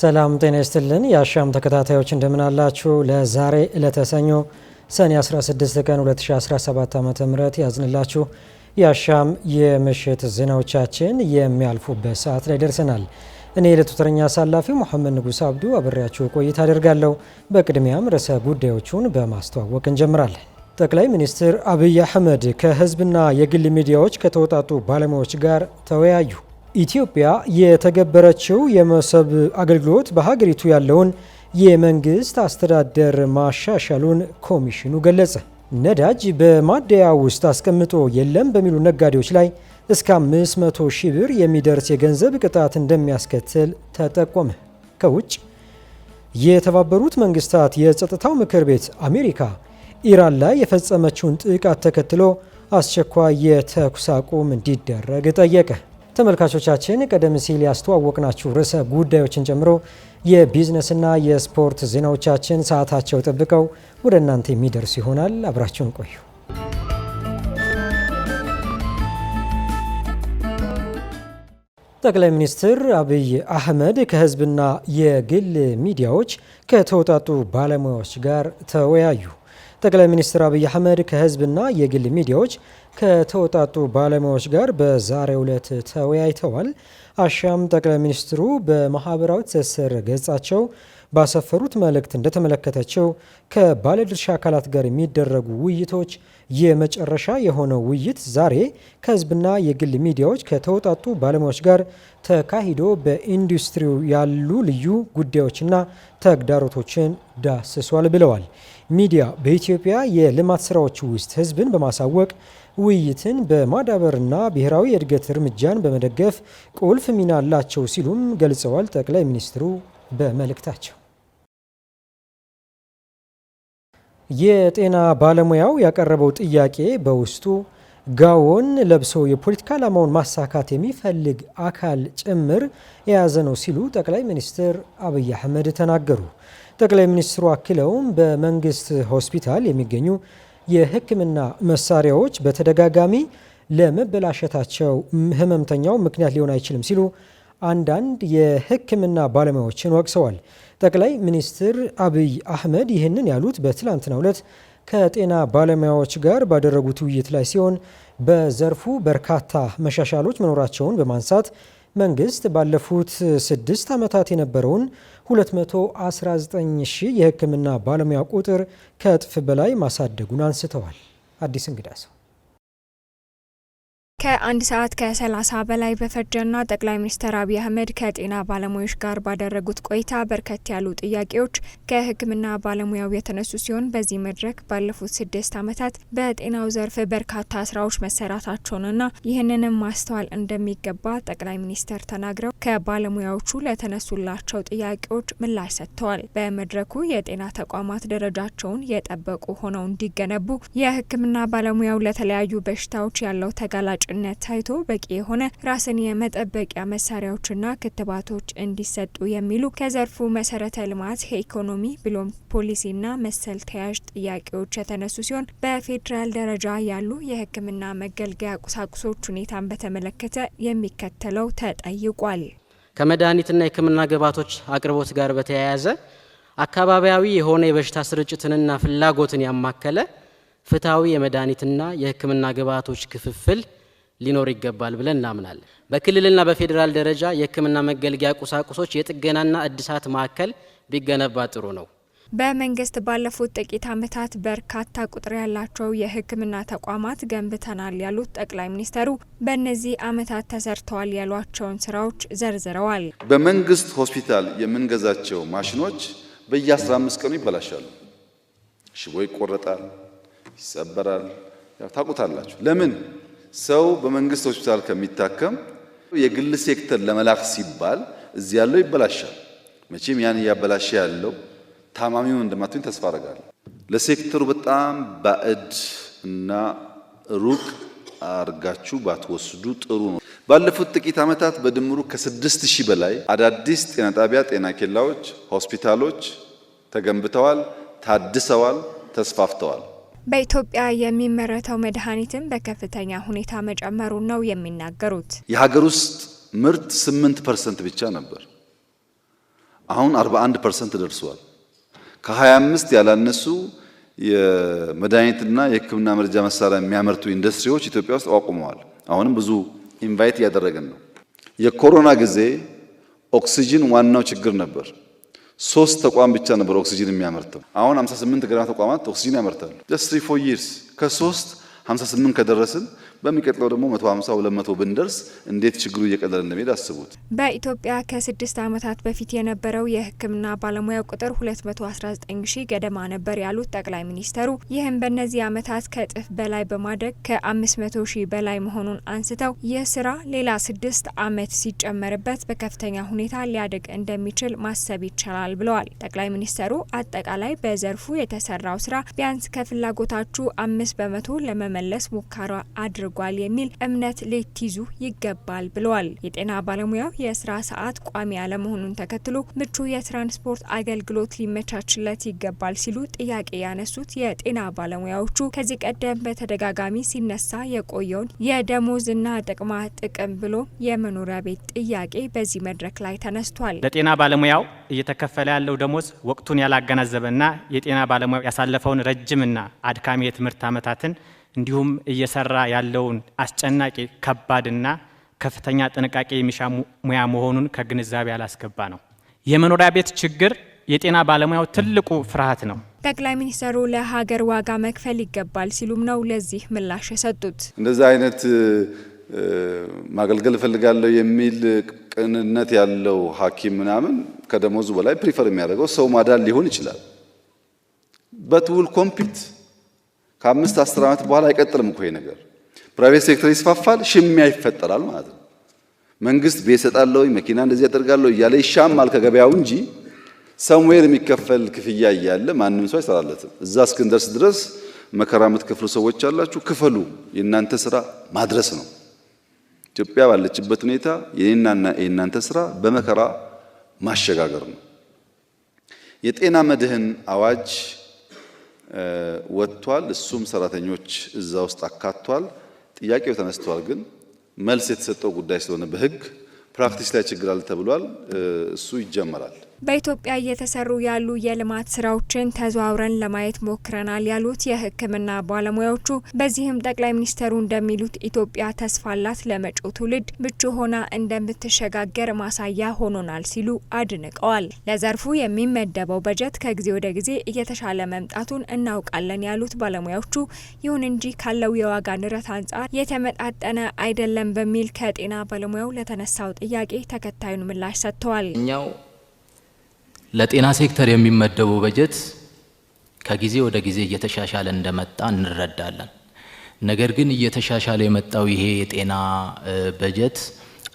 ሰላም ጤና ይስጥልን። የአሻም ተከታታዮች እንደምናላችሁ። ለዛሬ ለተሰኞ ሰኔ 16 ቀን 2017 ዓ ም ያዝንላችሁ የአሻም የምሽት ዜናዎቻችን የሚያልፉበት ሰዓት ላይ ደርሰናል። እኔ ለቱተረኛ አሳላፊ መሐመድ ንጉስ አብዱ አብሬያችሁ ቆይታ አደርጋለሁ። በቅድሚያም ርዕሰ ጉዳዮቹን በማስተዋወቅ እንጀምራለን። ጠቅላይ ሚኒስትር አብይ አህመድ ከህዝብና የግል ሚዲያዎች ከተውጣጡ ባለሙያዎች ጋር ተወያዩ። ኢትዮጵያ የተገበረችው የመሰብ አገልግሎት በሀገሪቱ ያለውን የመንግስት አስተዳደር ማሻሻሉን ኮሚሽኑ ገለጸ። ነዳጅ በማደያ ውስጥ አስቀምጦ የለም በሚሉ ነጋዴዎች ላይ እስከ 500 ሺህ ብር የሚደርስ የገንዘብ ቅጣት እንደሚያስከትል ተጠቆመ። ከውጭ የተባበሩት መንግስታት የጸጥታው ምክር ቤት አሜሪካ ኢራን ላይ የፈጸመችውን ጥቃት ተከትሎ አስቸኳይ የተኩስ አቁም እንዲደረግ ጠየቀ። ተመልካቾቻችን ቀደም ሲል ያስተዋወቅናችሁ ርዕሰ ጉዳዮችን ጨምሮ የቢዝነስና የስፖርት ዜናዎቻችን ሰዓታቸው ጠብቀው ወደ እናንተ የሚደርሱ ይሆናል። አብራችሁን ቆዩ። ጠቅላይ ሚኒስትር አብይ አህመድ ከህዝብና የግል ሚዲያዎች ከተውጣጡ ባለሙያዎች ጋር ተወያዩ። ጠቅላይ ሚኒስትር አብይ አህመድ ከህዝብና የግል ሚዲያዎች ከተወጣጡ ባለሙያዎች ጋር በዛሬው ዕለት ተወያይተዋል። አሻም ጠቅላይ ሚኒስትሩ በማህበራዊ ትስስር ገጻቸው ባሰፈሩት መልእክት እንደተመለከተችው ከባለድርሻ አካላት ጋር የሚደረጉ ውይይቶች የመጨረሻ የሆነው ውይይት ዛሬ ከህዝብና የግል ሚዲያዎች ከተውጣጡ ባለሙያዎች ጋር ተካሂዶ በኢንዱስትሪው ያሉ ልዩ ጉዳዮችና ተግዳሮቶችን ዳስሷል ብለዋል። ሚዲያ በኢትዮጵያ የልማት ስራዎች ውስጥ ህዝብን በማሳወቅ ውይይትን በማዳበርና ብሔራዊ የእድገት እርምጃን በመደገፍ ቁልፍ ሚና አላቸው ሲሉም ገልጸዋል። ጠቅላይ ሚኒስትሩ በመልእክታቸው የጤና ባለሙያው ያቀረበው ጥያቄ በውስጡ ጋውን ለብሶ የፖለቲካ ዓላማውን ማሳካት የሚፈልግ አካል ጭምር የያዘ ነው ሲሉ ጠቅላይ ሚኒስትር አብይ አህመድ ተናገሩ። ጠቅላይ ሚኒስትሩ አክለውም በመንግስት ሆስፒታል የሚገኙ የሕክምና መሳሪያዎች በተደጋጋሚ ለመበላሸታቸው ህመምተኛው ምክንያት ሊሆን አይችልም ሲሉ አንዳንድ የሕክምና ባለሙያዎችን ወቅሰዋል። ጠቅላይ ሚኒስትር አብይ አህመድ ይህንን ያሉት በትላንትናው ዕለት ከጤና ባለሙያዎች ጋር ባደረጉት ውይይት ላይ ሲሆን በዘርፉ በርካታ መሻሻሎች መኖራቸውን በማንሳት መንግስት ባለፉት ስድስት ዓመታት የነበረውን 219 ሺህ ባለሙያ ቁጥር ከእጥፍ በላይ ማሳደጉን አንስተዋል። አዲስ እንግዳ ሰው ከአንድ ሰዓት ከሰላሳ በላይ በፈጀና ጠቅላይ ሚኒስትር አብይ አህመድ ከጤና ባለሙያዎች ጋር ባደረጉት ቆይታ በርከት ያሉ ጥያቄዎች ከሕክምና ባለሙያው የተነሱ ሲሆን በዚህ መድረክ ባለፉት ስድስት ዓመታት በጤናው ዘርፍ በርካታ ስራዎች መሰራታቸውንና ይህንንም ማስተዋል እንደሚገባ ጠቅላይ ሚኒስትር ተናግረው ከባለሙያዎቹ ለተነሱላቸው ጥያቄዎች ምላሽ ሰጥተዋል። በመድረኩ የጤና ተቋማት ደረጃቸውን የጠበቁ ሆነው እንዲገነቡ የሕክምና ባለሙያው ለተለያዩ በሽታዎች ያለው ተጋላጭ ተጋላጭነት ታይቶ በቂ የሆነ ራስን የመጠበቂያ መሳሪያዎችና ክትባቶች እንዲሰጡ የሚሉ ከዘርፉ መሰረተ ልማት ከኢኮኖሚ ብሎም ፖሊሲና መሰል ተያያዥ ጥያቄዎች የተነሱ ሲሆን በፌዴራል ደረጃ ያሉ የሕክምና መገልገያ ቁሳቁሶች ሁኔታን በተመለከተ የሚከተለው ተጠይቋል። ከመድኃኒትና የሕክምና ግብዓቶች አቅርቦት ጋር በተያያዘ አካባቢያዊ የሆነ የበሽታ ስርጭትንና ፍላጎትን ያማከለ ፍትሐዊ የመድኃኒትና የሕክምና ግብዓቶች ክፍፍል ሊኖር ይገባል ብለን እናምናለን። በክልልና በፌዴራል ደረጃ የሕክምና መገልገያ ቁሳቁሶች የጥገናና እድሳት ማዕከል ቢገነባ ጥሩ ነው። በመንግስት ባለፉት ጥቂት ዓመታት በርካታ ቁጥር ያላቸው የሕክምና ተቋማት ገንብተናል ያሉት ጠቅላይ ሚኒስትሩ በእነዚህ ዓመታት ተሰርተዋል ያሏቸውን ስራዎች ዘርዝረዋል። በመንግስት ሆስፒታል የምንገዛቸው ማሽኖች በየ15 ቀኑ ይበላሻሉ። ሽቦ ይቆረጣል፣ ይሰበራል። ታውቁታላችሁ ለምን ሰው በመንግስት ሆስፒታል ከሚታከም የግል ሴክተር ለመላክ ሲባል እዚህ ያለው ይበላሻል። መቼም ያን እያበላሸ ያለው ታማሚውን እንደማትሆኝ ተስፋ አደርጋለሁ። ለሴክተሩ በጣም ባዕድ እና ሩቅ አርጋችሁ ባትወስዱ ጥሩ ነው። ባለፉት ጥቂት ዓመታት በድምሩ ከስድስት ሺህ በላይ አዳዲስ ጤና ጣቢያ፣ ጤና ኬላዎች፣ ሆስፒታሎች ተገንብተዋል፣ ታድሰዋል፣ ተስፋፍተዋል። በኢትዮጵያ የሚመረተው መድኃኒትም በከፍተኛ ሁኔታ መጨመሩ ነው የሚናገሩት። የሀገር ውስጥ ምርት 8 ፐርሰንት ብቻ ነበር፣ አሁን 41 ፐርሰንት ደርሷል። ከ25 ያላነሱ የመድኃኒትና የሕክምና መረጃ መሳሪያ የሚያመርቱ ኢንዱስትሪዎች ኢትዮጵያ ውስጥ አቋቁመዋል። አሁንም ብዙ ኢንቫይት እያደረገን ነው። የኮሮና ጊዜ ኦክሲጅን ዋናው ችግር ነበር። ሶስት ተቋም ብቻ ነበር ኦክሲጂን የሚያመርተው። አሁን 58 ገና ተቋማት ኦክሲጂን ያመርታሉ። ጀስት 3 4 ይርስ ከሶስት 58 ከደረስን በሚቀጥለው ደግሞ 150 200 ብንደርስ እንዴት ችግሩ እየቀለለ እንደሚሄድ አስቡት። በኢትዮጵያ ከስድስት ዓመታት በፊት የነበረው የሕክምና ባለሙያ ቁጥር 219 ሺህ ገደማ ነበር ያሉት ጠቅላይ ሚኒስተሩ ይህም በእነዚህ ዓመታት ከእጥፍ በላይ በማደግ ከ500 ሺህ በላይ መሆኑን አንስተው ይህ ስራ ሌላ ስድስት ዓመት ሲጨመርበት በከፍተኛ ሁኔታ ሊያድግ እንደሚችል ማሰብ ይቻላል ብለዋል። ጠቅላይ ሚኒስተሩ አጠቃላይ በዘርፉ የተሰራው ስራ ቢያንስ ከፍላጎታችሁ አምስት በመቶ ለመመ ለመመለስ ሙከራ አድርጓል የሚል እምነት ሊትይዙ ይገባል ብለዋል። የጤና ባለሙያው የስራ ሰዓት ቋሚ አለመሆኑን ተከትሎ ምቹ የትራንስፖርት አገልግሎት ሊመቻችለት ይገባል ሲሉ ጥያቄ ያነሱት የጤና ባለሙያዎቹ ከዚህ ቀደም በተደጋጋሚ ሲነሳ የቆየውን የደሞዝና ጥቅማ ጥቅም ብሎ የመኖሪያ ቤት ጥያቄ በዚህ መድረክ ላይ ተነስቷል። ለጤና ባለሙያው እየተከፈለ ያለው ደሞዝ ወቅቱን ያላገናዘበና የጤና ባለሙያው ያሳለፈውን ረጅምና አድካሚ የትምህርት ዓመታትን እንዲሁም እየሰራ ያለውን አስጨናቂ ከባድና ከፍተኛ ጥንቃቄ የሚሻ ሙያ መሆኑን ከግንዛቤ ያላስገባ ነው። የመኖሪያ ቤት ችግር የጤና ባለሙያው ትልቁ ፍርሃት ነው። ጠቅላይ ሚኒስትሩ ለሀገር ዋጋ መክፈል ይገባል ሲሉም ነው ለዚህ ምላሽ የሰጡት። እንደዛ አይነት ማገልገል እፈልጋለሁ የሚል ቅንነት ያለው ሐኪም ምናምን ከደሞዙ በላይ ፕሪፈር የሚያደርገው ሰው ማዳን ሊሆን ይችላል በትውል ኮምፒት ከአምስት አስር ዓመት በኋላ አይቀጥልም እኮ ይሄ ነገር። ፕራይቬት ሴክተር ይስፋፋል፣ ሽሚያ ይፈጠራል ማለት ነው። መንግስት ቤት እሰጣለሁ፣ መኪና እንደዚህ ያደርጋለሁ እያለ ይሻማል ከገበያው እንጂ ሰምዌር የሚከፈል ክፍያ እያለ ማንም ሰው አይሰራለትም። እዛ እስክንደርስ ድረስ መከራ የምትከፍሉ ሰዎች አላችሁ፣ ክፈሉ። የእናንተ ስራ ማድረስ ነው። ኢትዮጵያ ባለችበት ሁኔታ የኔናና የእናንተ ስራ በመከራ ማሸጋገር ነው። የጤና መድህን አዋጅ ወጥቷል። እሱም ሰራተኞች እዛ ውስጥ አካቷል። ጥያቄው ተነስቷል፣ ግን መልስ የተሰጠው ጉዳይ ስለሆነ በህግ ፕራክቲስ ላይ ችግር አለ ተብሏል። እሱ ይጀመራል። በኢትዮጵያ እየተሰሩ ያሉ የልማት ስራዎችን ተዘዋውረን ለማየት ሞክረናል ያሉት የሕክምና ባለሙያዎቹ በዚህም ጠቅላይ ሚኒስተሩ እንደሚሉት ኢትዮጵያ ተስፋ አላት፣ ለመጪው ትውልድ ምቹ ሆና እንደምትሸጋገር ማሳያ ሆኖናል ሲሉ አድንቀዋል። ለዘርፉ የሚመደበው በጀት ከጊዜ ወደ ጊዜ እየተሻለ መምጣቱን እናውቃለን ያሉት ባለሙያዎቹ ይሁን እንጂ ካለው የዋጋ ንረት አንጻር የተመጣጠነ አይደለም በሚል ከጤና ባለሙያው ለተነሳው ጥያቄ ተከታዩን ምላሽ ሰጥተዋል። ለጤና ሴክተር የሚመደበው በጀት ከጊዜ ወደ ጊዜ እየተሻሻለ እንደመጣ እንረዳለን። ነገር ግን እየተሻሻለ የመጣው ይሄ የጤና በጀት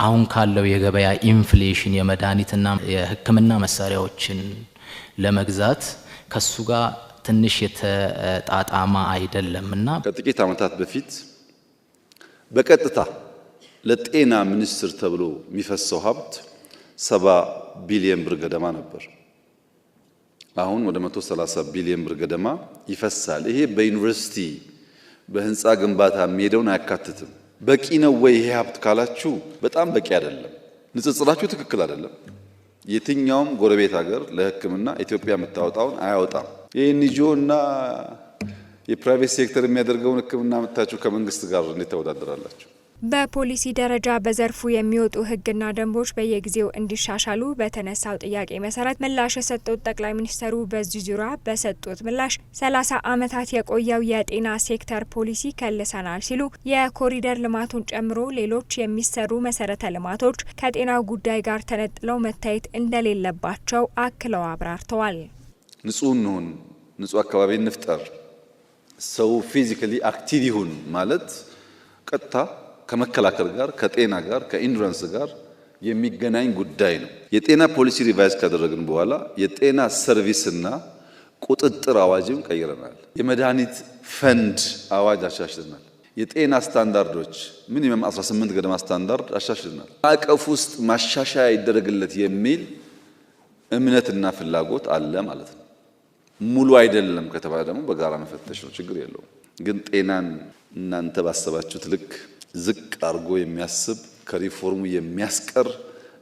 አሁን ካለው የገበያ ኢንፍሌሽን የመድኃኒትና የሕክምና መሳሪያዎችን ለመግዛት ከሱ ጋር ትንሽ የተጣጣማ አይደለም እና ከጥቂት ዓመታት በፊት በቀጥታ ለጤና ሚኒስቴር ተብሎ የሚፈሰው ሀብት ሰባ ቢሊየን ብር ገደማ ነበር። አሁን ወደ 130 ቢሊዮን ብር ገደማ ይፈሳል። ይሄ በዩኒቨርሲቲ በህንፃ ግንባታ የሚሄደውን አያካትትም። በቂ ነው ወይ ይሄ ሀብት ካላችሁ በጣም በቂ አይደለም። ንጽጽራችሁ ትክክል አይደለም። የትኛውም ጎረቤት ሀገር ለህክምና ኢትዮጵያ የምታወጣውን አያወጣም። የኤንጂኦ እና የፕራይቬት ሴክተር የሚያደርገውን ህክምና መታችሁ ከመንግስት ጋር እንዴት ተወዳደራላችሁ? በፖሊሲ ደረጃ በዘርፉ የሚወጡ ህግና ደንቦች በየጊዜው እንዲሻሻሉ በተነሳው ጥያቄ መሰረት ምላሽ የሰጡት ጠቅላይ ሚኒስትሩ በዚህ ዙሪያ በሰጡት ምላሽ ሰላሳ ዓመታት የቆየው የጤና ሴክተር ፖሊሲ ከልሰናል ሲሉ የኮሪደር ልማቱን ጨምሮ ሌሎች የሚሰሩ መሰረተ ልማቶች ከጤና ጉዳይ ጋር ተነጥለው መታየት እንደሌለባቸው አክለው አብራርተዋል። ንጹህ እንሁን፣ ንጹህ አካባቢ እንፍጠር፣ ሰው ፊዚካሊ አክቲቭ ይሁን ማለት ቀጥታ ከመከላከል ጋር ከጤና ጋር ከኢንዱራንስ ጋር የሚገናኝ ጉዳይ ነው። የጤና ፖሊሲ ሪቫይዝ ካደረግን በኋላ የጤና ሰርቪስና ቁጥጥር አዋጅም ቀይረናል። የመድኃኒት ፈንድ አዋጅ አሻሽልናል። የጤና ስታንዳርዶች ሚኒመም 18 ገደማ ስታንዳርድ አሻሽልናል። ማዕቀፍ ውስጥ ማሻሻያ ይደረግለት የሚል እምነትና ፍላጎት አለ ማለት ነው። ሙሉ አይደለም ከተባለ ደግሞ በጋራ መፈተሽ ነው፣ ችግር የለውም። ግን ጤናን እናንተ ባሰባችሁት ልክ ዝቅ አድርጎ የሚያስብ ከሪፎርሙ የሚያስቀር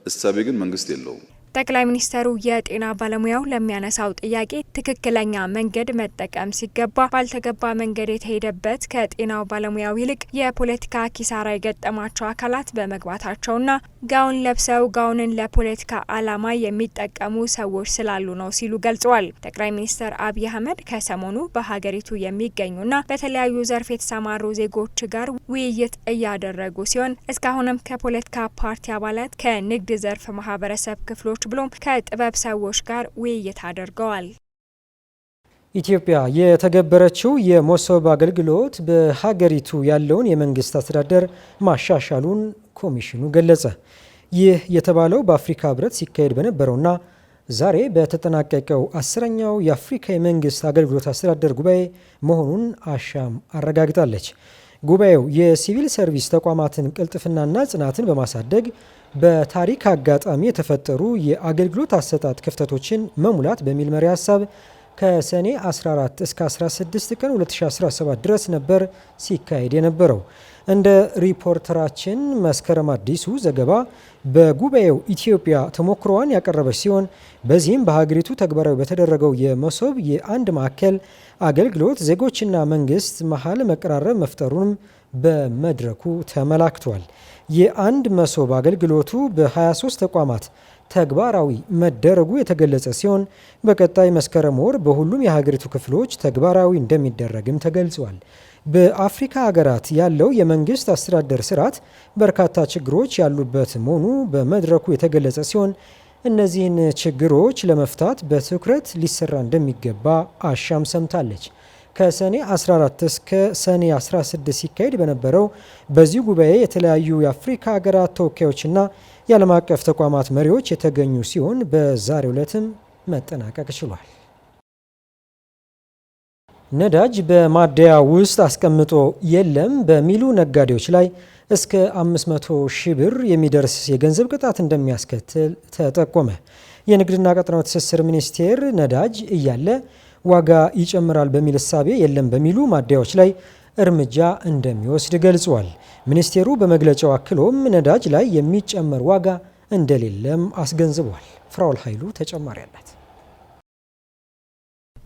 እሳቤ ግን መንግስት የለውም። ጠቅላይ ሚኒስተሩ የጤና ባለሙያው ለሚያነሳው ጥያቄ ትክክለኛ መንገድ መጠቀም ሲገባ ባልተገባ መንገድ የተሄደበት ከጤናው ባለሙያው ይልቅ የፖለቲካ ኪሳራ የገጠማቸው አካላት በመግባታቸውና ጋውን ለብሰው ጋውንን ለፖለቲካ ዓላማ የሚጠቀሙ ሰዎች ስላሉ ነው ሲሉ ገልጸዋል። ጠቅላይ ሚኒስትር አብይ አህመድ ከሰሞኑ በሀገሪቱ የሚገኙና በተለያዩ ዘርፍ የተሰማሩ ዜጎች ጋር ውይይት እያደረጉ ሲሆን እስካሁንም ከፖለቲካ ፓርቲ አባላት ከንግድ ዘርፍ ማህበረሰብ ክፍሎች ባለሙያዎች ብሎም ከጥበብ ሰዎች ጋር ውይይት አድርገዋል። ኢትዮጵያ የተገበረችው የመሶብ አገልግሎት በሀገሪቱ ያለውን የመንግስት አስተዳደር ማሻሻሉን ኮሚሽኑ ገለጸ። ይህ የተባለው በአፍሪካ ህብረት ሲካሄድ በነበረውና ዛሬ በተጠናቀቀው አስረኛው የአፍሪካ የመንግስት አገልግሎት አስተዳደር ጉባኤ መሆኑን አሻም አረጋግጣለች። ጉባኤው የሲቪል ሰርቪስ ተቋማትን ቅልጥፍናና ጽናትን በማሳደግ በታሪክ አጋጣሚ የተፈጠሩ የአገልግሎት አሰጣጥ ክፍተቶችን መሙላት በሚል መሪ ሀሳብ ከሰኔ 14 እስከ 16 ቀን 2017 ድረስ ነበር ሲካሄድ የነበረው። እንደ ሪፖርተራችን መስከረም አዲሱ ዘገባ በጉባኤው ኢትዮጵያ ተሞክሮዋን ያቀረበች ሲሆን በዚህም በሀገሪቱ ተግባራዊ በተደረገው የመሶብ የአንድ ማዕከል አገልግሎት ዜጎችና መንግስት መሀል መቀራረብ መፍጠሩንም በመድረኩ ተመላክቷል። የአንድ መሶብ አገልግሎቱ በ23 ተቋማት ተግባራዊ መደረጉ የተገለጸ ሲሆን በቀጣይ መስከረም ወር በሁሉም የሀገሪቱ ክፍሎች ተግባራዊ እንደሚደረግም ተገልጿል። በአፍሪካ ሀገራት ያለው የመንግስት አስተዳደር ስርዓት በርካታ ችግሮች ያሉበት መሆኑ በመድረኩ የተገለጸ ሲሆን እነዚህን ችግሮች ለመፍታት በትኩረት ሊሰራ እንደሚገባ አሻም ሰምታለች። ከሰኔ 14 እስከ ሰኔ 16 ሲካሄድ በነበረው በዚህ ጉባኤ የተለያዩ የአፍሪካ ሀገራት ተወካዮችና የዓለም አቀፍ ተቋማት መሪዎች የተገኙ ሲሆን በዛሬው ዕለትም መጠናቀቅ ችሏል። ነዳጅ በማደያ ውስጥ አስቀምጦ የለም በሚሉ ነጋዴዎች ላይ እስከ 500 ሺህ ብር የሚደርስ የገንዘብ ቅጣት እንደሚያስከትል ተጠቆመ። የንግድና ቀጠናው ትስስር ሚኒስቴር ነዳጅ እያለ ዋጋ ይጨምራል በሚል እሳቤ የለም በሚሉ ማደያዎች ላይ እርምጃ እንደሚወስድ ገልጿል። ሚኒስቴሩ በመግለጫው አክሎም ነዳጅ ላይ የሚጨመር ዋጋ እንደሌለም አስገንዝቧል። ፍራውል ኃይሉ ተጨማሪ አላት።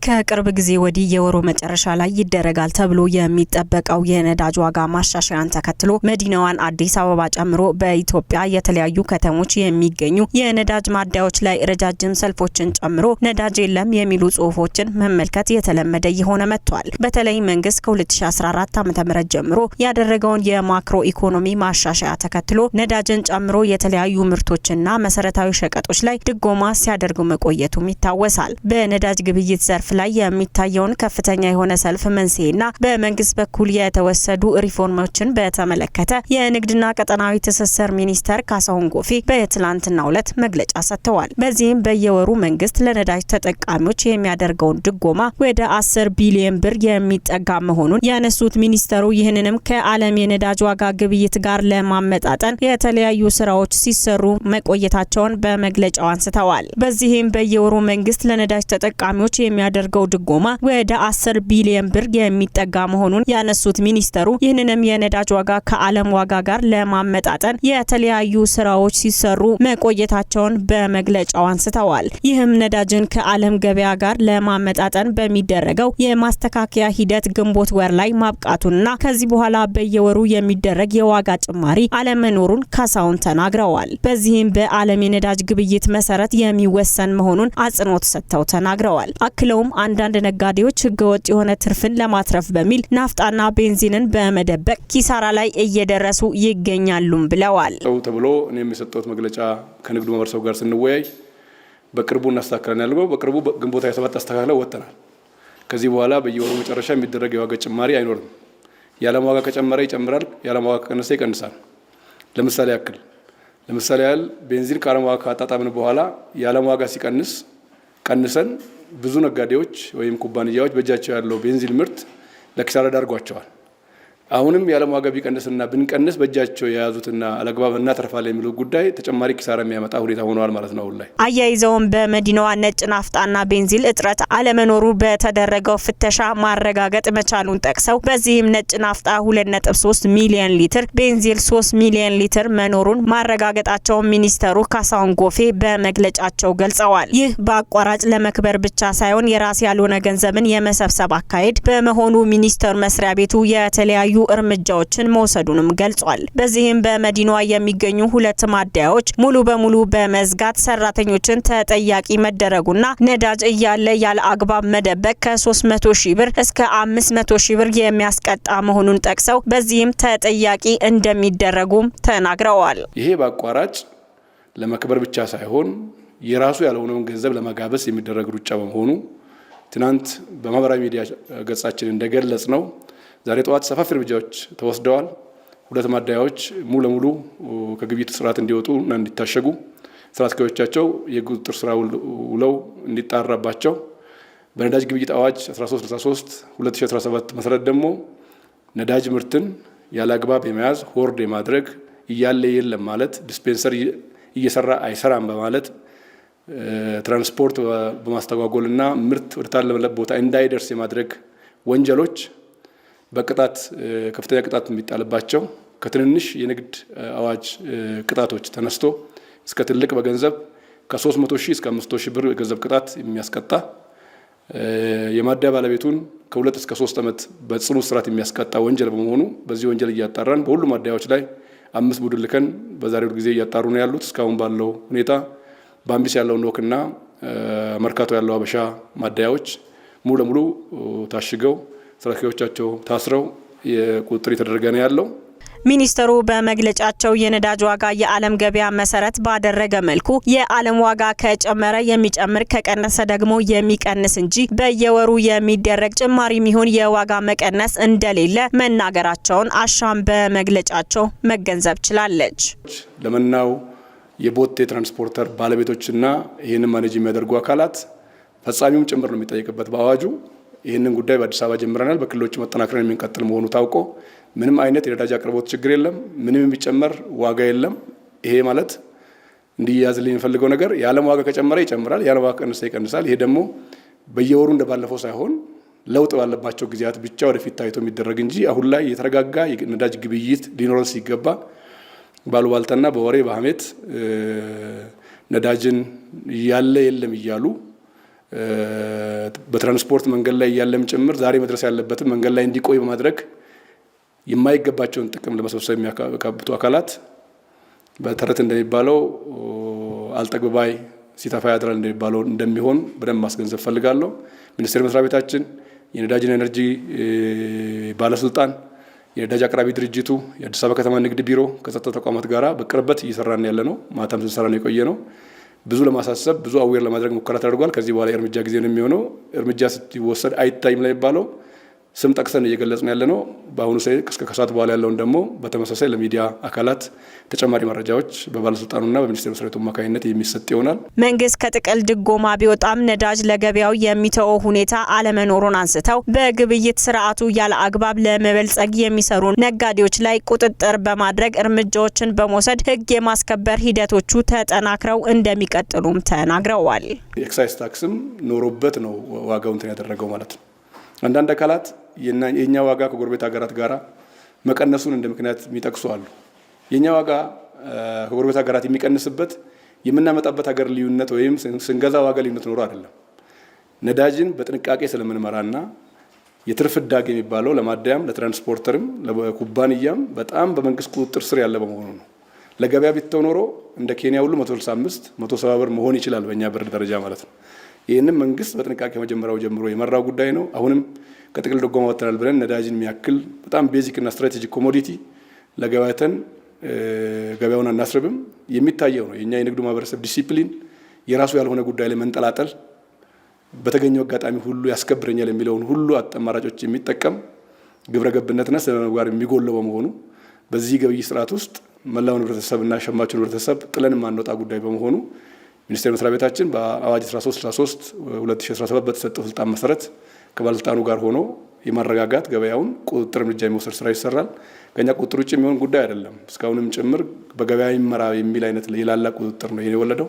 ከቅርብ ጊዜ ወዲህ የወሩ መጨረሻ ላይ ይደረጋል ተብሎ የሚጠበቀው የነዳጅ ዋጋ ማሻሻያን ተከትሎ መዲናዋን አዲስ አበባ ጨምሮ በኢትዮጵያ የተለያዩ ከተሞች የሚገኙ የነዳጅ ማደያዎች ላይ ረጃጅም ሰልፎችን ጨምሮ ነዳጅ የለም የሚሉ ጽሁፎችን መመልከት የተለመደ የሆነ መጥቷል። በተለይ መንግስት ከ2014 .ም ጀምሮ ያደረገውን የማክሮ ኢኮኖሚ ማሻሻያ ተከትሎ ነዳጅን ጨምሮ የተለያዩ ምርቶችና መሰረታዊ ሸቀጦች ላይ ድጎማ ሲያደርጉ መቆየቱም ይታወሳል። በነዳጅ ግብይት ዘርፍ ላይ የሚታየውን ከፍተኛ የሆነ ሰልፍ መንስኤና በመንግስት በኩል የተወሰዱ ሪፎርሞችን በተመለከተ የንግድና ቀጠናዊ ትስስር ሚኒስተር ካሳሁን ጎፌ በትላንትናው ዕለት መግለጫ ሰጥተዋል። በዚህም በየወሩ መንግስት ለነዳጅ ተጠቃሚዎች የሚያደርገውን ድጎማ ወደ አስር ቢሊዮን ብር የሚጠጋ መሆኑን ያነሱት ሚኒስተሩ ይህንንም ከዓለም የነዳጅ ዋጋ ግብይት ጋር ለማመጣጠን የተለያዩ ስራዎች ሲሰሩ መቆየታቸውን በመግለጫው አንስተዋል። በዚህም በየወሩ መንግስት ለነዳጅ ተጠቃሚዎች የሚያደ የሚደረገው ድጎማ ወደ አስር ቢሊዮን ብር የሚጠጋ መሆኑን ያነሱት ሚኒስተሩ ይህንንም የነዳጅ ዋጋ ከዓለም ዋጋ ጋር ለማመጣጠን የተለያዩ ስራዎች ሲሰሩ መቆየታቸውን በመግለጫው አንስተዋል። ይህም ነዳጅን ከዓለም ገበያ ጋር ለማመጣጠን በሚደረገው የማስተካከያ ሂደት ግንቦት ወር ላይ ማብቃቱንና ከዚህ በኋላ በየወሩ የሚደረግ የዋጋ ጭማሪ አለመኖሩን ካሳውን ተናግረዋል። በዚህም በዓለም የነዳጅ ግብይት መሰረት የሚወሰን መሆኑን አጽንኦት ሰጥተው ተናግረዋል። አክለው አክለውም አንዳንድ ነጋዴዎች ህገወጥ የሆነ ትርፍን ለማትረፍ በሚል ናፍጣና ቤንዚንን በመደበቅ ኪሳራ ላይ እየደረሱ ይገኛሉም ብለዋል። ሰው ተብሎ እኔ የሚሰጠት መግለጫ ከንግዱ ማህበረሰቡ ጋር ስንወያይ በቅርቡ እናስተካክለን ያለ በቅርቡ ግንቦት 27 አስተካክለው ወጥተናል። ከዚህ በኋላ በየወሩ መጨረሻ የሚደረግ የዋጋ ጭማሪ አይኖርም። የዓለም ዋጋ ከጨመረ ይጨምራል፣ የዓለም ዋጋ ከቀነሰ ይቀንሳል። ለምሳሌ ያክል ለምሳሌ ያህል ቤንዚን ከዓለም ዋጋ ካጣጣምን በኋላ የዓለም ዋጋ ሲቀንስ ቀንሰን ብዙ ነጋዴዎች ወይም ኩባንያዎች በእጃቸው ያለው ቤንዚል ምርት ለኪሳራ ዳርጓቸዋል። አሁንም የዓለም ዋጋ ቢቀንስና ብንቀንስ በእጃቸው የያዙትና አለግባብ እናተርፋለን የሚለው ጉዳይ ተጨማሪ ኪሳራ የሚያመጣ ሁኔታ ሆነዋል ማለት ነው። አሁን ላይ አያይዘውም በመዲናዋ ነጭ ናፍጣና ቤንዚል እጥረት አለመኖሩ በተደረገው ፍተሻ ማረጋገጥ መቻሉን ጠቅሰው በዚህም ነጭ ናፍጣ 2.3 ሚሊዮን ሊትር፣ ቤንዚል 3 ሚሊዮን ሊትር መኖሩን ማረጋገጣቸውን ሚኒስተሩ ካሳሁን ጎፌ በመግለጫቸው ገልጸዋል። ይህ በአቋራጭ ለመክበር ብቻ ሳይሆን የራስ ያልሆነ ገንዘብን የመሰብሰብ አካሄድ በመሆኑ ሚኒስተር መስሪያ ቤቱ የተለያዩ እርምጃዎችን መውሰዱንም ገልጿል። በዚህም በመዲናዋ የሚገኙ ሁለት ማደያዎች ሙሉ በሙሉ በመዝጋት ሰራተኞችን ተጠያቂ መደረጉና ነዳጅ እያለ ያለ አግባብ መደበቅ ከ300 ሺህ ብር እስከ 500 ሺ ብር የሚያስቀጣ መሆኑን ጠቅሰው በዚህም ተጠያቂ እንደሚደረጉም ተናግረዋል። ይሄ በአቋራጭ ለመክበር ብቻ ሳይሆን የራሱ ያልሆነውን ገንዘብ ለመጋበስ የሚደረግ ሩጫ በመሆኑ ትናንት በማህበራዊ ሚዲያ ገጻችን እንደገለጽ ነው ዛሬ ጠዋት ሰፋፊ እርምጃዎች ተወስደዋል። ሁለት ማደያዎች ሙሉ ለሙሉ ከግብይት ስርዓት እንዲወጡ እና እንዲታሸጉ ስራ አስኪያጆቻቸው የቁጥጥር ስራ ውለው እንዲጣራባቸው በነዳጅ ግብይት አዋጅ 1363 2017 መሰረት ደግሞ ነዳጅ ምርትን ያለ አግባብ የመያዝ ሆርድ የማድረግ እያለ የለም ማለት ዲስፔንሰር እየሰራ አይሰራም በማለት ትራንስፖርት በማስተጓጎልና ምርት ወደ ታለመለት ቦታ እንዳይደርስ የማድረግ ወንጀሎች በቅጣት ከፍተኛ ቅጣት የሚጣልባቸው ከትንንሽ የንግድ አዋጅ ቅጣቶች ተነስቶ እስከ ትልቅ በገንዘብ ከ300 ሺህ እስከ 500 ሺህ ብር የገንዘብ ቅጣት የሚያስቀጣ የማደያ ባለቤቱን ከሁለት እስከ ሶስት ዓመት በጽኑ እስራት የሚያስቀጣ ወንጀል በመሆኑ በዚህ ወንጀል እያጣራን በሁሉም ማደያዎች ላይ አምስት ቡድን ልከን በዛሬው ጊዜ እያጣሩ ነው ያሉት። እስካሁን ባለው ሁኔታ በአምቢስ ያለው ኖክና መርካቶ ያለው አበሻ ማደያዎች ሙሉ ለሙሉ ታሽገው ሰራኪዎቻቸው ታስረው የቁጥጥር የተደረገ ነው ያለው። ሚኒስተሩ በመግለጫቸው የነዳጅ ዋጋ የዓለም ገበያ መሰረት ባደረገ መልኩ የዓለም ዋጋ ከጨመረ የሚጨምር ከቀነሰ ደግሞ የሚቀንስ እንጂ በየወሩ የሚደረግ ጭማሪ የሚሆን የዋጋ መቀነስ እንደሌለ መናገራቸውን አሻም በመግለጫቸው መገንዘብ ችላለች። ለመናው የቦቴ ትራንስፖርተር ባለቤቶችና ይህንን ማኔጅ የሚያደርጉ አካላት ፈጻሚውም ጭምር ነው የሚጠይቅበት በአዋጁ ይህንን ጉዳይ በአዲስ አበባ ጀምረናል። በክልሎች መጠናክረን የሚንቀጥል መሆኑ ታውቆ ምንም አይነት የነዳጅ አቅርቦት ችግር የለም። ምንም የሚጨመር ዋጋ የለም። ይሄ ማለት እንዲያዝልኝ የሚፈልገው ነገር የዓለም ዋጋ ከጨመረ ይጨምራል፣ የዓለም ዋጋ ቀነሰ ይቀንሳል። ይሄ ደግሞ በየወሩ እንደባለፈው ሳይሆን ለውጥ ባለባቸው ጊዜያት ብቻ ወደፊት ታይቶ የሚደረግ እንጂ አሁን ላይ የተረጋጋ ነዳጅ ግብይት ሊኖረን ሲገባ ባሉባልታና በወሬ በሀሜት ነዳጅን ያለ የለም እያሉ በትራንስፖርት መንገድ ላይ እያለም ጭምር ዛሬ መድረስ ያለበትም መንገድ ላይ እንዲቆይ በማድረግ የማይገባቸውን ጥቅም ለመሰብሰብ የሚያካብቱ አካላት በተረት እንደሚባለው አልጠግብባይ ሲተፋ ያድራል እንደሚባለው እንደሚሆን በደንብ ማስገንዘብ ፈልጋለሁ። ሚኒስቴር መስሪያ ቤታችን፣ የነዳጅና ኤነርጂ ባለስልጣን፣ የነዳጅ አቅራቢ ድርጅቱ፣ የአዲስ አበባ ከተማ ንግድ ቢሮ ከጸጥታ ተቋማት ጋር በቅርበት እየሰራን ያለ ነው። ማታም ስንሰራ ነው የቆየ ነው። ብዙ ለማሳሰብ ብዙ አዌር ለማድረግ ሙከራ ተደርጓል። ከዚህ በኋላ የእርምጃ ጊዜ ነው የሚሆነው። እርምጃ ሲወሰድ አይታይም ለሚባለው ስም ጠቅሰን እየገለጽን ያለ ነው። በአሁኑ ሰ እስከ ከሰዓት በኋላ ያለውን ደግሞ በተመሳሳይ ለሚዲያ አካላት ተጨማሪ መረጃዎች በባለስልጣኑና በሚኒስቴር መስሪያ ቤቱ አማካኝነት የሚሰጥ ይሆናል። መንግስት ከጥቅል ድጎማ ቢወጣም ነዳጅ ለገበያው የሚተወው ሁኔታ አለመኖሩን አንስተው በግብይት ስርዓቱ ያለ አግባብ ለመበልጸግ የሚሰሩ ነጋዴዎች ላይ ቁጥጥር በማድረግ እርምጃዎችን በመውሰድ ህግ የማስከበር ሂደቶቹ ተጠናክረው እንደሚቀጥሉም ተናግረዋል። ኤክሳይዝ ታክስም ኖሮበት ነው ዋጋው እንትን ያደረገው ማለት ነው አንዳንድ አካላት የእኛ ዋጋ ከጎረቤት ሀገራት ጋር መቀነሱን እንደ ምክንያት የሚጠቅሱ አሉ። የእኛ ዋጋ ከጎረቤት ሀገራት የሚቀንስበት የምናመጣበት ሀገር ልዩነት ወይም ስንገዛ ዋጋ ልዩነት ኖሮ አይደለም። ነዳጅን በጥንቃቄ ስለምንመራና የትርፍ ዕዳጌ የሚባለው ለማደያም ለትራንስፖርተርም ለኩባንያም በጣም በመንግስት ቁጥጥር ስር ያለ በመሆኑ ነው። ለገበያ ቢተው ኖሮ እንደ ኬንያ ሁሉ 165 170 ብር መሆን ይችላል፣ በእኛ ብር ደረጃ ማለት ነው። ይህንም መንግስት በጥንቃቄ መጀመሪያው ጀምሮ የመራው ጉዳይ ነው። አሁንም ከጥቅል ድጎማ ወጥተናል ብለን ነዳጅን የሚያክል በጣም ቤዚክ እና ስትራቴጂክ ኮሞዲቲ ለገበያተን ገበያውን አናስርብም። የሚታየው ነው የእኛ የንግዱ ማህበረሰብ ዲሲፕሊን የራሱ ያልሆነ ጉዳይ ላይ መንጠላጠል በተገኘው አጋጣሚ ሁሉ ያስከብረኛል የሚለውን ሁሉ አማራጮች የሚጠቀም ግብረ ገብነትና ስነ ምግባር የሚጎለው በመሆኑ በዚህ ገብይ ስርዓት ውስጥ መላውን ህብረተሰብና ሸማቹን ህብረተሰብ ጥለን የማንወጣ ጉዳይ በመሆኑ ሚኒስቴር መስሪያ ቤታችን በአዋጅ 1313 2017 በተሰጠው ስልጣን መሰረት ከባለስልጣኑ ጋር ሆኖ የማረጋጋት ገበያውን ቁጥጥር እርምጃ የመውሰድ ስራ ይሰራል። ከኛ ቁጥጥር ውጭ የሚሆን ጉዳይ አይደለም። እስካሁንም ጭምር በገበያ ይመራ የሚል አይነት የላላ ቁጥጥር ነው የወለደው።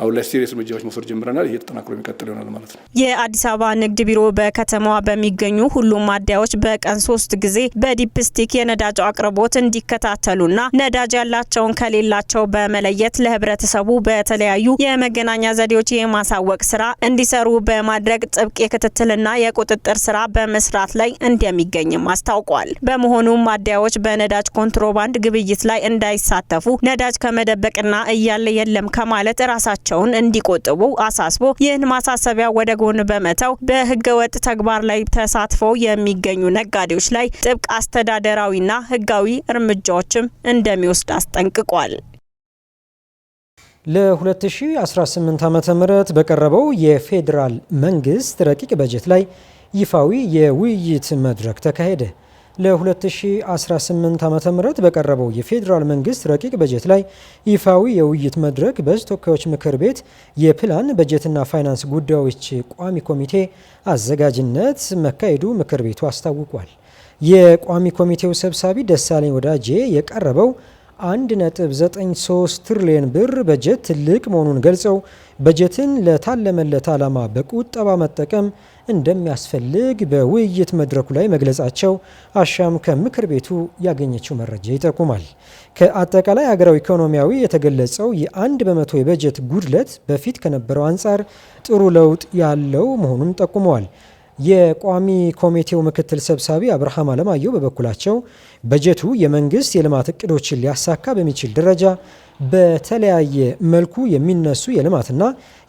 አሁን ላይ ሲሪየስ እርምጃዎች መውሰድ ጀምረናል። ይሄ ተጠናክሮ የሚቀጥል ይሆናል ማለት ነው። የአዲስ አበባ ንግድ ቢሮ በከተማዋ በሚገኙ ሁሉም ማደያዎች በቀን ሶስት ጊዜ በዲፕስቲክ የነዳጅ አቅርቦት እንዲከታተሉና ነዳጅ ያላቸውን ከሌላቸው በመለየት ለህብረተሰቡ በተለያዩ የመገናኛ ዘዴዎች የማሳወቅ ስራ እንዲሰሩ በማድረግ ጥብቅ የክትትልና የቁጥጥር ስራ በመስራት ላይ እንደሚገኝም አስታውቋል። በመሆኑም ማደያዎች በነዳጅ ኮንትሮባንድ ግብይት ላይ እንዳይሳተፉ ነዳጅ ከመደበቅና እያለ የለም ከማለት ራሳቸው ገንዘባቸውን እንዲቆጥቡ አሳስቦ ይህን ማሳሰቢያ ወደ ጎን በመተው በህገወጥ ተግባር ላይ ተሳትፈው የሚገኙ ነጋዴዎች ላይ ጥብቅ አስተዳደራዊና ህጋዊ እርምጃዎችም እንደሚወስድ አስጠንቅቋል። ለ2018 ም በቀረበው የፌዴራል መንግስት ረቂቅ በጀት ላይ ይፋዊ የውይይት መድረክ ተካሄደ። ለ2018 ዓ ም በቀረበው የፌዴራል መንግስት ረቂቅ በጀት ላይ ይፋዊ የውይይት መድረክ በሕዝብ ተወካዮች ምክር ቤት የፕላን በጀትና ፋይናንስ ጉዳዮች ቋሚ ኮሚቴ አዘጋጅነት መካሄዱ ምክር ቤቱ አስታውቋል። የቋሚ ኮሚቴው ሰብሳቢ ደሳለኝ ወዳጄ የቀረበው 1.93 ትሪሊዮን ብር በጀት ትልቅ መሆኑን ገልጸው በጀትን ለታለመለት ዓላማ በቁጠባ መጠቀም እንደሚያስፈልግ በውይይት መድረኩ ላይ መግለጻቸው አሻም ከምክር ቤቱ ያገኘችው መረጃ ይጠቁማል። ከአጠቃላይ ሀገራዊ ኢኮኖሚያዊ የተገለጸው የአንድ በመቶ የበጀት ጉድለት በፊት ከነበረው አንጻር ጥሩ ለውጥ ያለው መሆኑን ጠቁመዋል። የቋሚ ኮሚቴው ምክትል ሰብሳቢ አብርሃም አለማየሁ በበኩላቸው በጀቱ የመንግስት የልማት እቅዶችን ሊያሳካ በሚችል ደረጃ በተለያየ መልኩ የሚነሱ የልማትና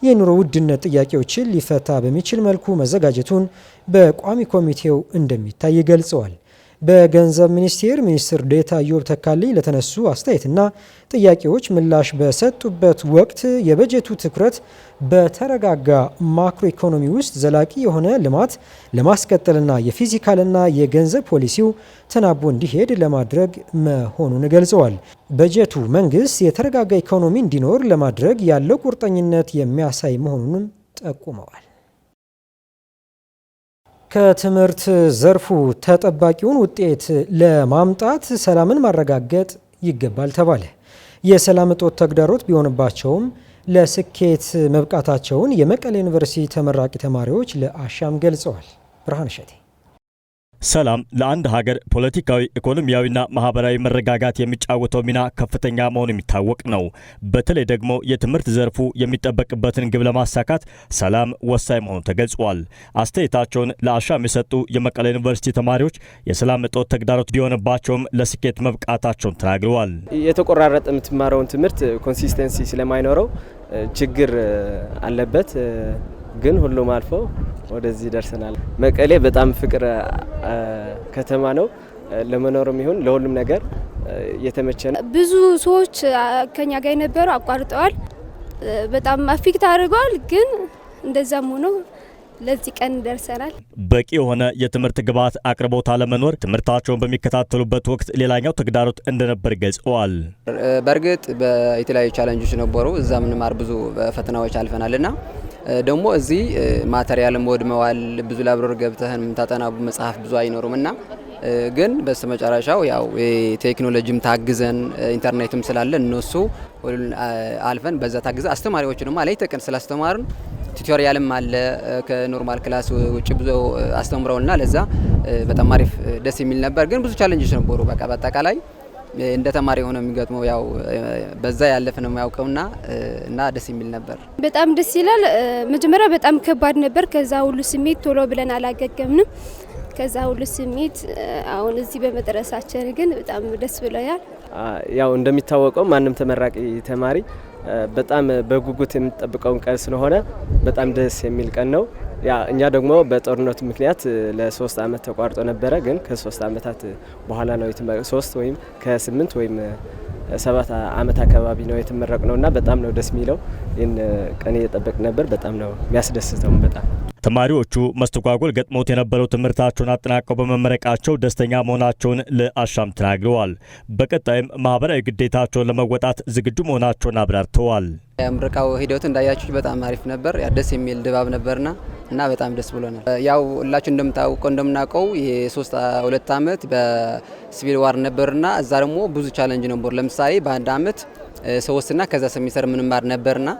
የኑሮ ውድነት ጥያቄዎችን ሊፈታ በሚችል መልኩ መዘጋጀቱን በቋሚ ኮሚቴው እንደሚታይ ገልጸዋል። በገንዘብ ሚኒስቴር ሚኒስትር ዴታ ዮብ ተካልኝ ለተነሱ አስተያየትና ጥያቄዎች ምላሽ በሰጡበት ወቅት የበጀቱ ትኩረት በተረጋጋ ማክሮ ኢኮኖሚ ውስጥ ዘላቂ የሆነ ልማት ለማስቀጠልና የፊዚካልና የገንዘብ ፖሊሲው ተናቦ እንዲሄድ ለማድረግ መሆኑን ገልጸዋል። በጀቱ መንግስት የተረጋጋ ኢኮኖሚ እንዲኖር ለማድረግ ያለው ቁርጠኝነት የሚያሳይ መሆኑንም ጠቁመዋል። ከትምህርት ዘርፉ ተጠባቂውን ውጤት ለማምጣት ሰላምን ማረጋገጥ ይገባል ተባለ። የሰላም እጦት ተግዳሮት ቢሆንባቸውም ለስኬት መብቃታቸውን የመቀሌ ዩኒቨርሲቲ ተመራቂ ተማሪዎች ለአሻም ገልጸዋል። ብርሃን እሸቴ ሰላም ለአንድ ሀገር ፖለቲካዊ፣ ኢኮኖሚያዊና ማህበራዊ መረጋጋት የሚጫወተው ሚና ከፍተኛ መሆኑ የሚታወቅ ነው። በተለይ ደግሞ የትምህርት ዘርፉ የሚጠበቅበትን ግብ ለማሳካት ሰላም ወሳኝ መሆኑ ተገልጿል። አስተያየታቸውን ለአሻም የሰጡ የመቀለ ዩኒቨርሲቲ ተማሪዎች የሰላም እጦት ተግዳሮት ቢሆንባቸውም ለስኬት መብቃታቸውን ተናግረዋል። የተቆራረጠ የምትማረውን ትምህርት ኮንሲስተንሲ ስለማይኖረው ችግር አለበት። ግን ሁሉም አልፎ ወደዚህ ደርሰናል። መቀሌ በጣም ፍቅር ከተማ ነው። ለመኖርም ይሁን ለሁሉም ነገር የተመቸ ነው። ብዙ ሰዎች ከኛ ጋር የነበሩ አቋርጠዋል፣ በጣም አፊክት አድርገዋል። ግን እንደዛም ሆኖ ለዚህ ቀን ደርሰናል። በቂ የሆነ የትምህርት ግብዓት አቅርቦት አለመኖር ትምህርታቸውን በሚከታተሉበት ወቅት ሌላኛው ተግዳሮት እንደነበር ገልጸዋል። በእርግጥ የተለያዩ ቻለንጆች ነበሩ። እዛ ምንማር ብዙ ፈተናዎች አልፈናል ና ደግሞ እዚህ ማተሪያልም ወድመዋል። ብዙ ላብረር ገብተህን የምታጠና መጽሐፍ ብዙ አይኖሩም እና ግን መጨረሻው ያው ቴክኖሎጂም ታግዘን ኢንተርኔትም ስላለ እነሱ አልፈን በዛ ታግዘ አስተማሪዎቹ ደግሞ ሌት ቀን ስላስተማርን ቱቶሪያልም አለ ከኖርማል ክላስ ውጭ ብዙ አስተምረውና ለዛ በጣም አሪፍ ደስ የሚል ነበር። ግን ብዙ ቻለንጆች ነበሩ። በቃ በአጠቃላይ እንደ ተማሪ ሆኖ የሚገጥመው ያው በዛ ያለፍ ነው የሚያውቀውና እና ደስ የሚል ነበር። በጣም ደስ ይላል። መጀመሪያ በጣም ከባድ ነበር። ከዛ ሁሉ ስሜት ቶሎ ብለን አላገገምንም። ከዛ ሁሉ ስሜት አሁን እዚህ በመድረሳችን ግን በጣም ደስ ብሎኛል። ያው እንደሚታወቀው ማንም ተመራቂ ተማሪ በጣም በጉጉት የሚጠብቀውን ቀን ስለሆነ በጣም ደስ የሚል ቀን ነው። ያ እኛ ደግሞ በጦርነቱ ምክንያት ለሶስት አመት ተቋርጦ ነበረ። ግን ከሶስት አመታት በኋላ ነው ሶስት ወይም ከስምንት ወይም ሰባት አመት አካባቢ ነው የተመረቅ ነው እና በጣም ነው ደስ የሚለው። ይህን ቀን እየጠበቅ ነበር። በጣም ነው የሚያስደስተው በጣም ተማሪዎቹ መስተጓጎል ገጥሞት የነበረው ትምህርታቸውን አጠናቀው በመመረቃቸው ደስተኛ መሆናቸውን ለአሻም ተናግረዋል። በቀጣይም ማህበራዊ ግዴታቸውን ለመወጣት ዝግጁ መሆናቸውን አብራርተዋል። ምርቃው ሂደቱ እንዳያችሁ በጣም አሪፍ ነበር። ደስ የሚል ድባብ ነበርና እና በጣም ደስ ብሎናል። ያው ሁላችሁ እንደምታውቀው እንደምናውቀው የሶስት ሁለት አመት በሲቪል ዋር ነበርና እዛ ደግሞ ብዙ ቻለንጅ ነበር። ለምሳሌ በአንድ አመት ሶስትና ከዛ ሴሚስተር ምንማር ነበርና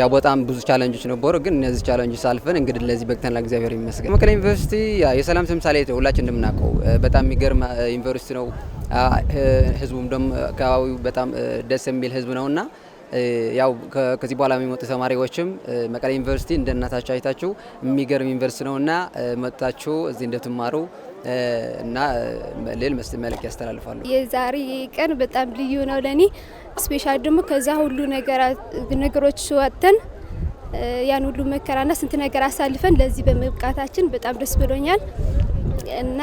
ያው በጣም ብዙ ቻለንጆች ነበሩ፣ ግን እነዚህ ቻለንጆች ሳልፈን እንግዲህ ለዚህ በቅተን ለእግዚአብሔር ይመስገን። መቀሌ ዩኒቨርሲቲ የሰላም ተምሳሌ ሁላችን እንደምናውቀው በጣም የሚገርም ዩኒቨርሲቲ ነው። ህዝቡም ደግሞ አካባቢው በጣም ደስ የሚል ህዝብ ነውና ያው ከዚህ በኋላ የሚመጡ ተማሪዎችም መቀሌ ዩኒቨርሲቲ እንደ እናታችሁ አይታችሁ የሚገርም ዩኒቨርሲቲ ነውና መጥታችሁ እዚህ እንደትማሩ እና ሌል መስ መልእክት ያስተላልፋሉ። የዛሬ ቀን በጣም ልዩ ነው ለኔ። ስፔሻል ደግሞ ከዛ ሁሉ ነገሮች ወጥተን ያን ሁሉ መከራና ስንት ነገር አሳልፈን ለዚህ በመብቃታችን በጣም ደስ ብሎኛል እና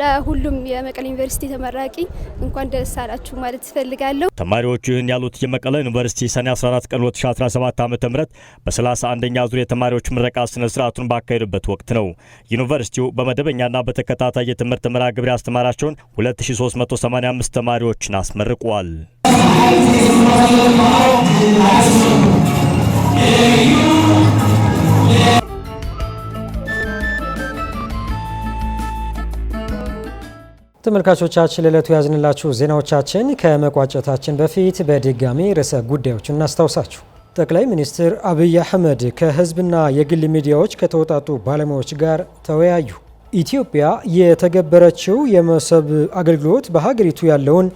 ለሁሉም የመቀለ ዩኒቨርሲቲ ተመራቂ እንኳን ደስ አላችሁ ማለት እፈልጋለሁ። ተማሪዎቹ ይህን ያሉት የመቀለ ዩኒቨርሲቲ ሰኔ 14 ቀን 2017 ዓ ም በ31ኛ ዙር የተማሪዎች ምረቃ ስነ ስርዓቱን ባካሄዱበት ወቅት ነው። ዩኒቨርሲቲው በመደበኛና በተከታታይ የትምህርት መርሃ ግብር ያስተማራቸውን 2385 ተማሪዎችን አስመርቋል። ተመልካቾቻችን ለዕለቱ ያዝንላችሁ ዜናዎቻችን ከመቋጨታችን በፊት በድጋሚ ርዕሰ ጉዳዮች እናስታውሳችሁ። ጠቅላይ ሚኒስትር አብይ አህመድ ከህዝብና የግል ሚዲያዎች ከተውጣጡ ባለሙያዎች ጋር ተወያዩ። ኢትዮጵያ የተገበረችው የመሰብ አገልግሎት በሀገሪቱ ያለውን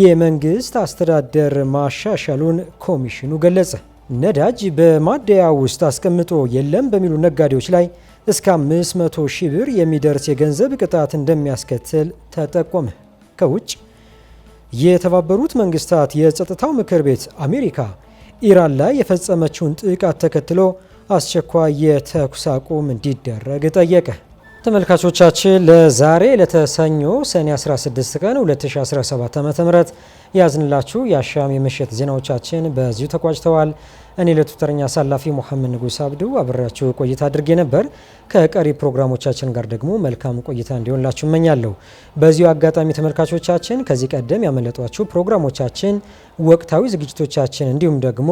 የመንግስት አስተዳደር ማሻሻሉን ኮሚሽኑ ገለጸ። ነዳጅ በማደያ ውስጥ አስቀምጦ የለም በሚሉ ነጋዴዎች ላይ እስከ 500 ሺህ ብር የሚደርስ የገንዘብ ቅጣት እንደሚያስከትል ተጠቆመ። ከውጭ የተባበሩት መንግስታት የጸጥታው ምክር ቤት አሜሪካ ኢራን ላይ የፈጸመችውን ጥቃት ተከትሎ አስቸኳይ የተኩስ አቁም እንዲደረግ ጠየቀ። ተመልካቾቻችን ለዛሬ ለተሰኞ ሰኔ 16 ቀን 2017 ዓ.ም ያዝንላችሁ የአሻም የምሽት ዜናዎቻችን በዚሁ ተቋጭተዋል። እኔ ለቱተርኛ አሳላፊ ሙሐመድ ንጉስ አብዱ አብሬያችሁ ቆይታ አድርጌ ነበር። ከቀሪ ፕሮግራሞቻችን ጋር ደግሞ መልካም ቆይታ እንዲሆንላችሁ እመኛለሁ። በዚሁ አጋጣሚ ተመልካቾቻችን ከዚህ ቀደም ያመለጧችሁ ፕሮግራሞቻችን፣ ወቅታዊ ዝግጅቶቻችን እንዲሁም ደግሞ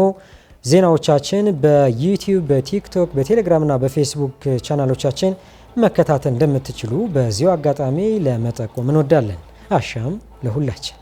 ዜናዎቻችን በዩቲዩብ፣ በቲክቶክ፣ በቴሌግራምና በፌስቡክ ቻናሎቻችን መከታተል እንደምትችሉ በዚሁ አጋጣሚ ለመጠቆም እንወዳለን። አሻም ለሁላችን!